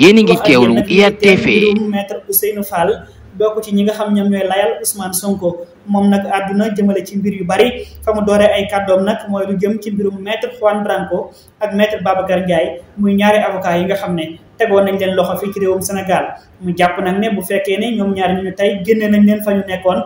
yéen a ngi teewlu IYAT TV maître Ousseynou Fall bokk ci ñi nga xam ñoom ñooy layal Ousmane Sonko moom nag àdduna jëmale ci mbir yu bari fa mu dooree ay kàddoom nag mooy lu jëm ci mbirum maître Juan Branco ak maître Babacar Ndiaye muy ñaari avocat yi nga xam ne tegoon nañ leen loxo fii ci réewum Sénégal mu jàpp nag ne bu fekkee ne ñoom ñaari ñu tey génnee nañ leen fa ñu nekkoon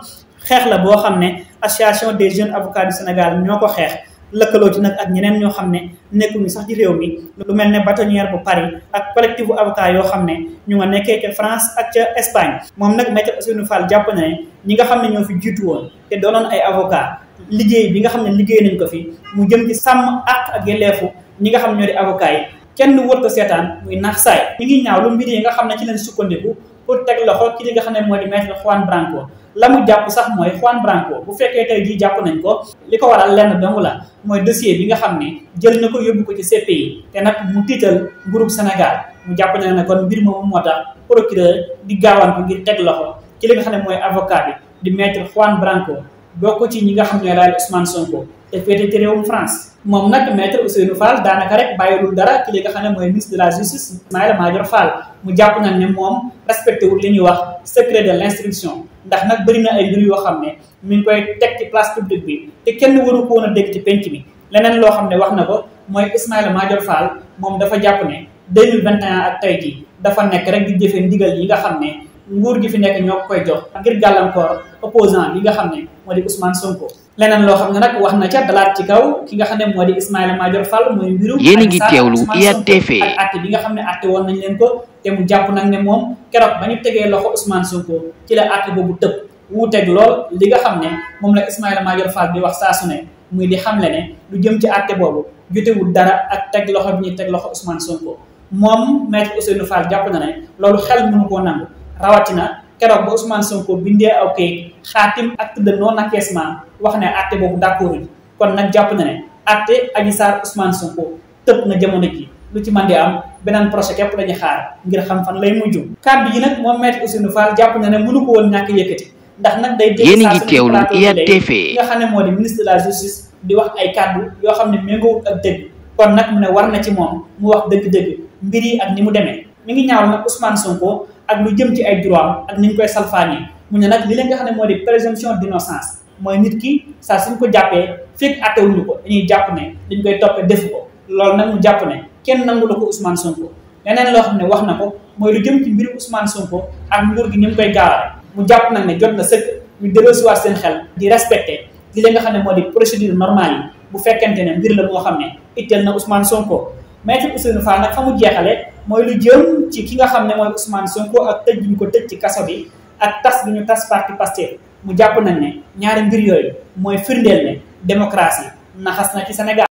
xeex la boo xam ne association des jeunes avocats du Sénégal ñoo ko xeex lëkkaloo ci nag ak ñeneen ñoo xam ne nekkuñu sax ci réew mi lu mel ne bâtonnière bu Paris ak collectif bu avocat yoo xam ne ñu nga nekkee ca France ak ca Espagne moom nag maître Ousseynou jàpp na ñi nga xam ne ñoo fi jiitu woon te doonoon ay avocat liggéey bi nga xam ne liggéey nañ ko fi mu jëm ci sàmm ak ak yelleefu ñi nga xam ne ñoo di avocat yi kenn wër ko seetaan muy nax saay ñu ngi ñaaw lu mbir yi nga xam ne ci leen sukkandiku pour teg loxo ki li nga xam ne mooy di maître Juan la mu jàpp sax mooy Juan Branco bu fekkee tey jii jàpp nañ ko li ko waral lenn dong la mooy dossier bi nga xam ne jël na ko yóbbu ko ci CPI te nag mu tiital nguurub Sénégal mu jàpp ne ne kon mbir moomu moo tax procureur di ko ngir teg loxo ci li nga xam ne mooy avocat bi di maître Juan Branco bokk ci ñi nga xam ñoo daal Ousmane Sonko te féete ci réewum France moom nag maître Ousseynou Fall daanaka rek bàyyiwul dara ki li nga xam ne mooy ministre de la justice Ismaïla Madior Fall mu jàpp nag ne moom respecté wul li ñuy wax secret de l'instruction ndax nag bëri na ay mbir yoo xam ne mi ngi koy teg ci place publique bi te kenn waru ko woon a dégg ci penc bi leneen loo xam ne wax na ko mooy Ismaïla Madior Fall moom dafa jàpp ne 2021 ak tey jii dafa nekk rek di jëfee ndigal yi nga xam ne nguur gi fi nekk ñoo koy jox ngir gàllankoor opposant bi nga xam ne moo di Ousmane Sonko leneen loo xam ne nag wax na ca ci kaw ki nga xam ne moo di Ismaïla Madior Fall a ngi bi nga xam ne atte woon nañ leen ko te mu jàpp nag ne moom keroog ba ñu tegee loxo Ousmane Sonko ci la atte boobu tëb teg lool li nga xam ne moom la Ismaïla Madior Fall di wax saa su ne muy di xamle ne lu jëm ci atte boobu jotewul dara ak teg loxo bi ñuy teg loxo Ousmane Sonko moom maître Ousseynou jàpp na ne loolu xel mënu koo nangu rawatina keroog ba Ousmane Sonko bindee aw kayit xaatim acte de non acquiescement wax ne àtte boobu d'accord kon nag jàpp na ne àtte Adji Sarr Ousmane Sonko tëb na jamono ji lu ci mën di am beneen projet képp lañu xaar ngir xam fan lay mujj. kàddu yi nag moom Maître Ousseynou Fall jàpp na ne mënu ko woon ñàkk yëkkati ndax nag day yéen a ngi teewlu IATV nga xam ne moo di ministre de la justice di wax ay kàddu yoo xam ne méngoowut ak dëgg kon nag mu war na ci moom mu wax dëgg-dëgg mbir yi ak ni mu demee mi ngi ñaaw nag Ousmane Sonko. ak lu jëm ci ay droit ak ni ñu koy salfaani mu ne nag li leen nga xam ne moo di présomption d'innocence mooy nit ki saa suñ ko jàppee fekk attewuñu ko dañuy jàpp ne dañ koy toppee def ko lool nag mu jàpp ne kenn nangu la ko Ousmane Sonko leneen loo xam ne wax na ko mooy lu jëm ci mbiru Ousmane ko ak nguur gi ñu mu koy gaawale mu jàpp nag ne jot na sëkk ñu delloosiwaat seen xel di respecté li leen nga xam ne moo di procédure normale yi bu fekkente ne mbir boo xam ne itteel na Ousmane Sonko maître Ousseynou Fall nag fa mu jeexale mooy lu jëm ci ki nga xam ne mooy Ousmane Sonko ak tëj bi ko tëj ci kaso bi ak tas bi ñu tas parti Pastef mu jàpp nañ ne ñaari mbir yooyu mooy firndeel ne démocratie naxas na ci Sénégal